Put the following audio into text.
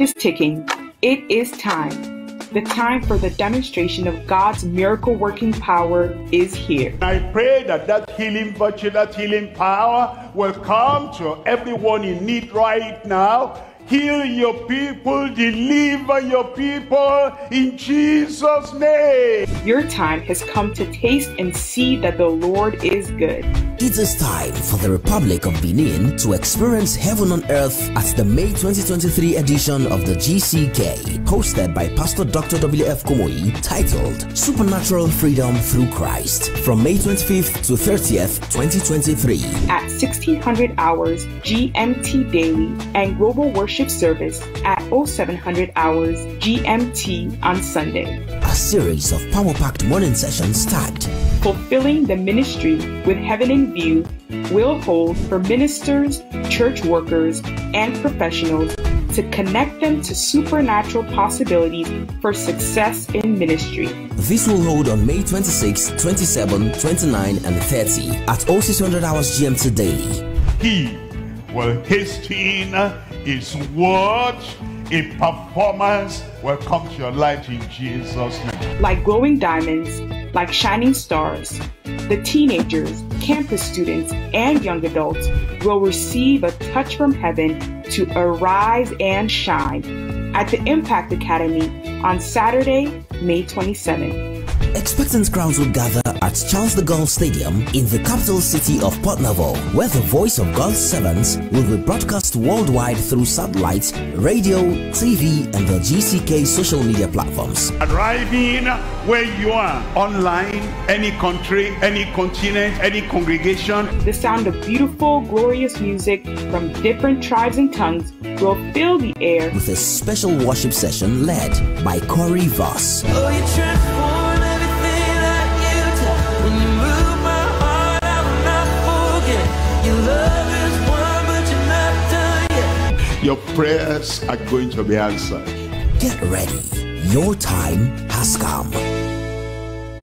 is ticking. It is time. The time for the demonstration of God's miracle working power is here. I pray that that healing virtue, that healing power will come to everyone in need right now Heal your people, deliver your people in Jesus' name. Your time has come to taste and see that the Lord is good. It is time for the Republic of Benin to experience heaven on earth at the May 2023 edition of the GCK, hosted by Pastor Dr. W.F. Komoi, titled Supernatural Freedom Through Christ, from May 25th to 30th, 2023. At 1600 hours GMT daily and Global Worship service at 0700 hours GMT on Sunday. A series of power packed morning sessions start. Fulfilling the ministry with heaven in view will hold for ministers, church workers, and professionals to connect them to supernatural possibilities for success in ministry. This will hold on May 26, 27, 29, and 30 at 0600 hours GMT daily. He will hasten is what a performance will come to your life in Jesus' name. Like glowing diamonds, like shining stars, the teenagers, campus students, and young adults will receive a touch from heaven to arise and shine at the Impact Academy on Saturday, May 27. Expectant crowds will gather at Charles de Gaulle Stadium in the capital city of Port Naval, where the voice of God's servants will be broadcast worldwide through satellites, radio, TV, and the GCK social media platforms. Arriving where you are, online, any country, any continent, any congregation. The sound of beautiful, glorious music from different tribes and tongues will fill the air with a special worship session led by Corey Voss. Oh, Your prayers are going to be answered. Get ready. Your time has come.